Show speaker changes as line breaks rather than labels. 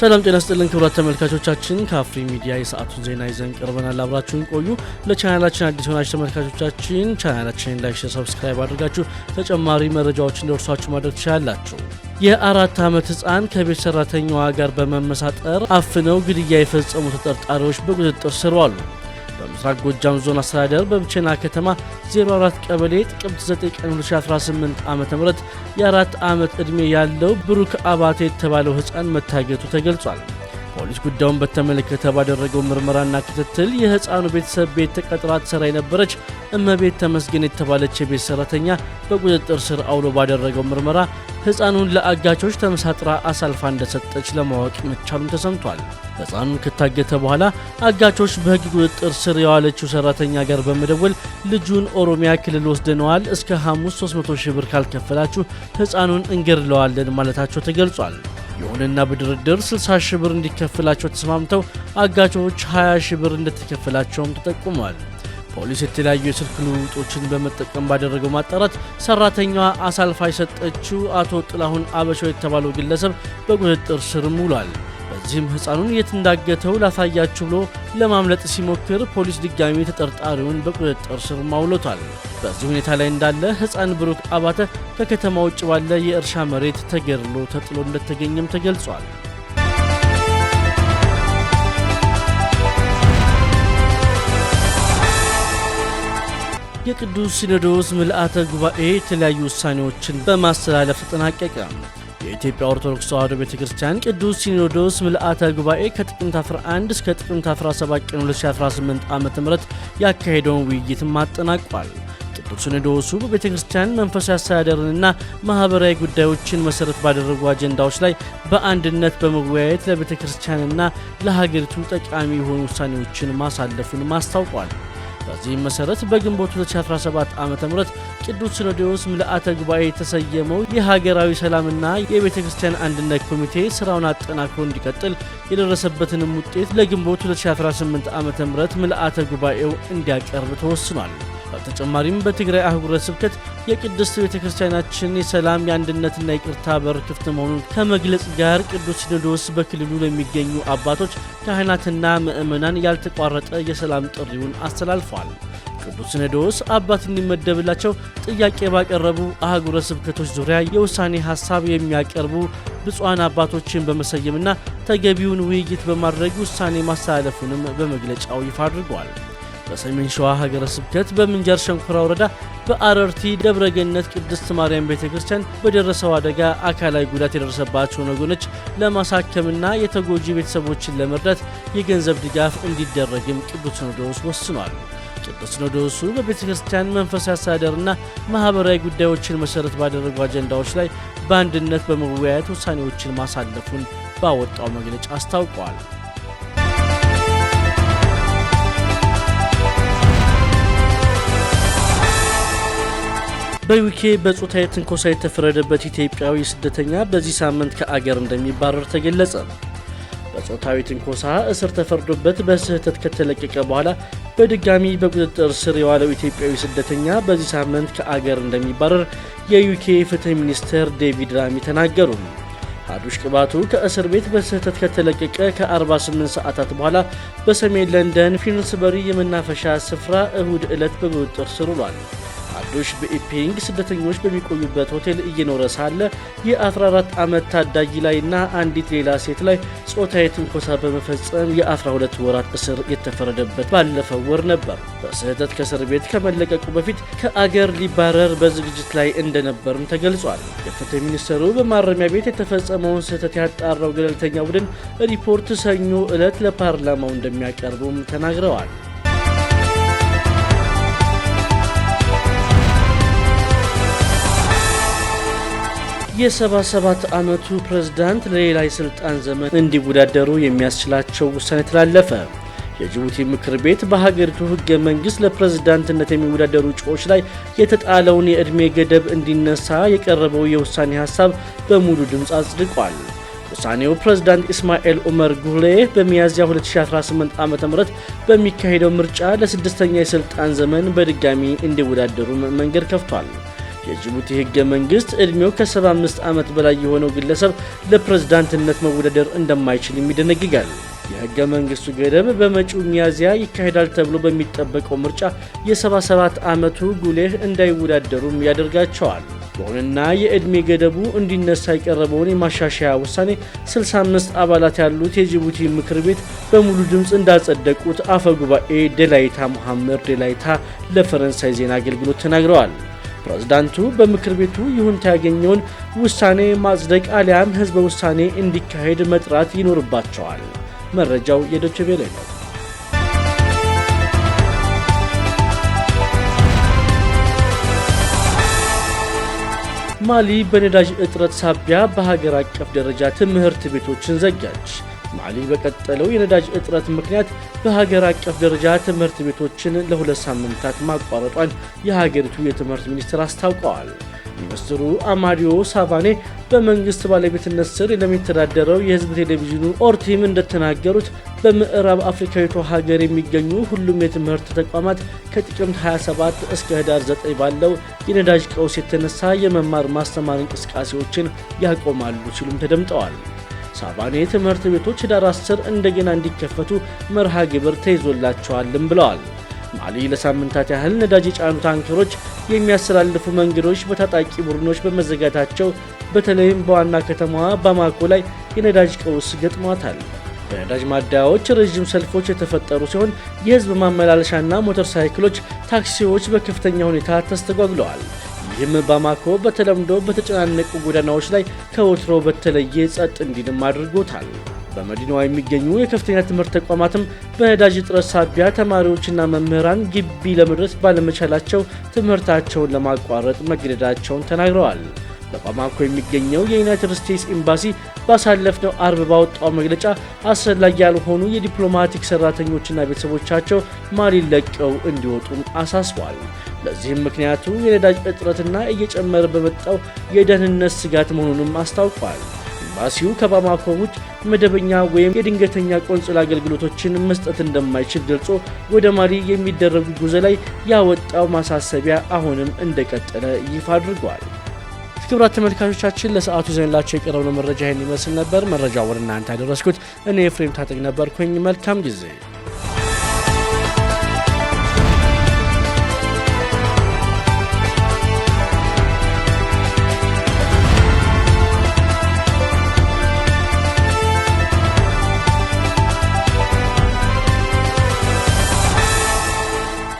ሰላም ጤና ስጥልን ክብራት ተመልካቾቻችን፣ ከአፍሪ ሚዲያ የሰዓቱን ዜና ይዘን ቀርበናል። አብራችሁን ቆዩ። ለቻናላችን አዲስ ሆናች ተመልካቾቻችን ቻናላችንን ላይ ሰብስክራይብ አድርጋችሁ ተጨማሪ መረጃዎች እንዲደርሷችሁ ማድረግ ትችላላችሁ። የአራት ዓመት ህፃን ከቤት ሰራተኛዋ ጋር በመመሳጠር አፍነው ግድያ የፈጸሙ ተጠርጣሪዎች በቁጥጥር ስር ዋሉ። ምስራቅ ጎጃም ዞን አስተዳደር በብቸና ከተማ 04 ቀበሌ ጥቅምት 9 ቀን 2018 ዓ ም የአራት ዓመት ዕድሜ ያለው ብሩክ አባቴ የተባለው ሕፃን መታገቱ ተገልጿል። ፖሊስ ጉዳዩን በተመለከተ ባደረገው ምርመራና ክትትል የሕፃኑ ቤተሰብ ቤት ተቀጥራ ትሰራ የነበረች እመቤት ተመስገን የተባለች የቤት ሰራተኛ በቁጥጥር ስር አውሎ ባደረገው ምርመራ ሕፃኑን ለአጋቾች ተመሳጥራ አሳልፋ እንደሰጠች ለማወቅ መቻሉም ተሰምቷል። ሕፃኑን ከታገተ በኋላ አጋቾች በሕግ ቁጥጥር ስር የዋለችው ሰራተኛ ጋር በመደወል ልጁን ኦሮሚያ ክልል ወስደነዋል፣ እስከ ሐሙስ 300 ሺህ ብር ካልከፈላችሁ ሕፃኑን እንገድለዋለን ማለታቸው ተገልጿል። ይሁንና በድርድር 60 ሺህ ብር እንዲከፍላቸው ተስማምተው አጋቾች 20 ሺህ ብር እንደተከፈላቸውም ተጠቁሟል። ፖሊስ የተለያዩ የስልክ ልውጦችን በመጠቀም ባደረገው ማጣራት ሰራተኛዋ አሳልፋ የሰጠችው አቶ ጥላሁን አበሻው የተባለው ግለሰብ በቁጥጥር ስር ውሏል። በዚህም ሕፃኑን የት እንዳገተው ላሳያችሁ ብሎ ለማምለጥ ሲሞክር ፖሊስ ድጋሚ ተጠርጣሪውን በቁጥጥር ስር ማውሎታል። በዚህ ሁኔታ ላይ እንዳለ ሕፃን ብሩክ አባተ ከከተማ ውጭ ባለ የእርሻ መሬት ተገድሎ ተጥሎ እንደተገኘም ተገልጿል። የቅዱስ ሲኖዶስ ምልአተ ጉባኤ የተለያዩ ውሳኔዎችን በማስተላለፍ ተጠናቀቀ። የኢትዮጵያ ኦርቶዶክስ ተዋሕዶ ቤተ ክርስቲያን ቅዱስ ሲኖዶስ ምልአተ ጉባኤ ከጥቅምት 11 እስከ ጥቅምት 17 ቀን 2018 ዓ ም ያካሄደውን ውይይትም አጠናቋል። ቅዱስ ሲኖዶሱ በቤተ ክርስቲያን መንፈሳዊ አስተዳደርንና ማህበራዊ ጉዳዮችን መሠረት ባደረጉ አጀንዳዎች ላይ በአንድነት በመወያየት ለቤተ ክርስቲያንና ለሀገሪቱ ጠቃሚ የሆኑ ውሳኔዎችን ማሳለፉን አስታውቋል። በዚህም መሰረት በግንቦት 2017 ዓ ም ቅዱስ ሲኖዶስ ምልአተ ጉባኤ የተሰየመው የሀገራዊ ሰላምና የቤተ ክርስቲያን አንድነት ኮሚቴ ስራውን አጠናክሮ እንዲቀጥል የደረሰበትንም ውጤት ለግንቦት 2018 ዓ ም ምልአተ ጉባኤው እንዲያቀርብ ተወስኗል። በተጨማሪም በትግራይ አህጉረ ስብከት የቅድስት ቤተ ክርስቲያናችን የሰላም የአንድነትና የቅርታ በር ክፍት መሆኑን ከመግለጽ ጋር ቅዱስ ሲኖዶስ በክልሉ ለሚገኙ አባቶች ካህናትና ምዕመናን ያልተቋረጠ የሰላም ጥሪውን አስተላልፏል። ቅዱስ ሲኖዶስ አባት እንዲመደብላቸው ጥያቄ ባቀረቡ አህጉረ ስብከቶች ዙሪያ የውሳኔ ሀሳብ የሚያቀርቡ ብፁዓን አባቶችን በመሰየምና ተገቢውን ውይይት በማድረግ ውሳኔ ማስተላለፉንም በመግለጫው ይፋ አድርጓል። በሰሜን ሸዋ ሀገረ ስብከት በምንጃር ሸንኮራ ወረዳ በአረርቲ ደብረገነት ቅድስት ማርያም ቤተ ክርስቲያን በደረሰው አደጋ አካላዊ ጉዳት የደረሰባቸው ወገኖች ለማሳከምና የተጎጂ ቤተሰቦችን ለመርዳት የገንዘብ ድጋፍ እንዲደረግም ቅዱስ ሲኖዶስ ወስኗል። ቅዱስ ሲኖዶሱ በቤተ ክርስቲያን መንፈሳዊ አስተዳደርና ማህበራዊ ጉዳዮችን መሰረት ባደረጉ አጀንዳዎች ላይ በአንድነት በመወያየት ውሳኔዎችን ማሳለፉን ባወጣው መግለጫ አስታውቋል። በዩኬ በጾታዊ ትንኮሳ የተፈረደበት ኢትዮጵያዊ ስደተኛ በዚህ ሳምንት ከአገር እንደሚባረር ተገለጸ። በጾታዊ ትንኮሳ እስር ተፈርዶበት በስህተት ከተለቀቀ በኋላ በድጋሚ በቁጥጥር ስር የዋለው ኢትዮጵያዊ ስደተኛ በዚህ ሳምንት ከአገር እንደሚባረር የዩኬ ፍትህ ሚኒስትር ዴቪድ ራሚ ተናገሩ። ሀዱሽ ቅባቱ ከእስር ቤት በስህተት ከተለቀቀ ከ48 ሰዓታት በኋላ በሰሜን ለንደን ፊንስበሪ የመናፈሻ ስፍራ እሁድ ዕለት በቁጥጥር ስር ውሏል። ሌሎች በኢፔንግ ስደተኞች በሚቆዩበት ሆቴል እየኖረ ሳለ የ14 ዓመት ታዳጊ ላይ እና አንዲት ሌላ ሴት ላይ ጾታዊ ትንኮሳ በመፈጸም የ12 ወራት እስር የተፈረደበት ባለፈው ወር ነበር። በስህተት ከእስር ቤት ከመለቀቁ በፊት ከአገር ሊባረር በዝግጅት ላይ እንደነበርም ተገልጿል። የፍትህ ሚኒስቴሩ በማረሚያ ቤት የተፈጸመውን ስህተት ያጣራው ገለልተኛ ቡድን ሪፖርት ሰኞ ዕለት ለፓርላማው እንደሚያቀርቡም ተናግረዋል። የ77 ዓመቱ ፕሬዝዳንት ለሌላ የሥልጣን ዘመን እንዲወዳደሩ የሚያስችላቸው ውሳኔ ተላለፈ። የጅቡቲ ምክር ቤት በሀገሪቱ ህገ መንግስት ለፕሬዝዳንትነት የሚወዳደሩ እጩዎች ላይ የተጣለውን የዕድሜ ገደብ እንዲነሳ የቀረበው የውሳኔ ሀሳብ በሙሉ ድምፅ አጽድቋል። ውሳኔው ፕሬዝዳንት ኢስማኤል ኡመር ጉሌ በሚያዝያ 2018 ዓ ም በሚካሄደው ምርጫ ለስድስተኛ የሥልጣን ዘመን በድጋሚ እንዲወዳደሩ መንገድ ከፍቷል። የጅቡቲ ህገ መንግስት ዕድሜው ከ75 ዓመት በላይ የሆነው ግለሰብ ለፕሬዝዳንትነት መወዳደር እንደማይችል ይደነግጋል። የህገ መንግስቱ ገደብ በመጪው ሚያዝያ ይካሄዳል ተብሎ በሚጠበቀው ምርጫ የ77 ዓመቱ ጉሌህ እንዳይወዳደሩም ያደርጋቸዋል። ይሁንና የዕድሜ ገደቡ እንዲነሳ የቀረበውን የማሻሻያ ውሳኔ 65 አባላት ያሉት የጅቡቲ ምክር ቤት በሙሉ ድምፅ እንዳጸደቁት አፈ ጉባኤ ደላይታ ሙሐመድ ደላይታ ለፈረንሳይ ዜና አገልግሎት ተናግረዋል። ፕሬዝዳንቱ በምክር ቤቱ ይሁንታ ያገኘውን ውሳኔ ማጽደቅ አሊያም ህዝበ ውሳኔ እንዲካሄድ መጥራት ይኖርባቸዋል። መረጃው የዶቼ ነው። ማሊ በነዳጅ እጥረት ሳቢያ በሀገር አቀፍ ደረጃ ትምህርት ቤቶችን ዘጋች። ማሊ በቀጠለው የነዳጅ እጥረት ምክንያት በሀገር አቀፍ ደረጃ ትምህርት ቤቶችን ለሁለት ሳምንታት ማቋረጧን የሀገሪቱ የትምህርት ሚኒስትር አስታውቀዋል። ሚኒስትሩ አማዲዮ ሳቫኔ በመንግስት ባለቤትነት ስር ለሚተዳደረው የህዝብ ቴሌቪዥኑ ኦርቲም እንደተናገሩት በምዕራብ አፍሪካዊቷ ሀገር የሚገኙ ሁሉም የትምህርት ተቋማት ከጥቅምት 27 እስከ ህዳር 9 ባለው የነዳጅ ቀውስ የተነሳ የመማር ማስተማር እንቅስቃሴዎችን ያቆማሉ ሲሉም ተደምጠዋል። ሳባኔ ትምህርት ቤቶች ህዳር 10 እንደገና እንዲከፈቱ መርሃ ግብር ተይዞላቸዋልም ብለዋል። ማሊ ለሳምንታት ያህል ነዳጅ የጫኑ ታንከሮች የሚያስተላልፉ መንገዶች በታጣቂ ቡድኖች በመዘጋታቸው በተለይም በዋና ከተማዋ ባማኮ ላይ የነዳጅ ቀውስ ገጥሟታል። በነዳጅ ማደያዎች ረዥም ሰልፎች የተፈጠሩ ሲሆን የህዝብ ማመላለሻና ሞተር ሳይክሎች፣ ታክሲዎች በከፍተኛ ሁኔታ ተስተጓጉለዋል። ይህም ባማኮ በተለምዶ በተጨናነቁ ጎዳናዎች ላይ ከወትሮ በተለየ ጸጥ እንዲልም አድርጎታል። በመዲናዋ የሚገኙ የከፍተኛ ትምህርት ተቋማትም በነዳጅ እጥረት ሳቢያ ተማሪዎችና መምህራን ግቢ ለመድረስ ባለመቻላቸው ትምህርታቸውን ለማቋረጥ መገደዳቸውን ተናግረዋል። በባማኮ የሚገኘው የዩናይትድ ስቴትስ ኤምባሲ ባሳለፍነው አርብ ባወጣው መግለጫ አስፈላጊ ያልሆኑ የዲፕሎማቲክ ሰራተኞችና ቤተሰቦቻቸው ማሊ ለቀው እንዲወጡም አሳስቧል። ለዚህም ምክንያቱ የነዳጅ እጥረትና እየጨመረ በመጣው የደህንነት ስጋት መሆኑንም አስታውቋል። ኤምባሲው ከባማኮ ውጭ መደበኛ ወይም የድንገተኛ ቆንጽል አገልግሎቶችን መስጠት እንደማይችል ገልጾ ወደ ማሊ የሚደረጉ ጉዞ ላይ ያወጣው ማሳሰቢያ አሁንም እንደቀጠለ ይፋ አድርጓል። ክብራት ተመልካቾቻችን ለሰዓቱ ዘንላቸው የቀረብነው መረጃ ይህን ይመስል ነበር። መረጃውን እናንተ ያደረስኩት እኔ ፍሬም ታጠቅ ነበርኩኝ። መልካም ጊዜ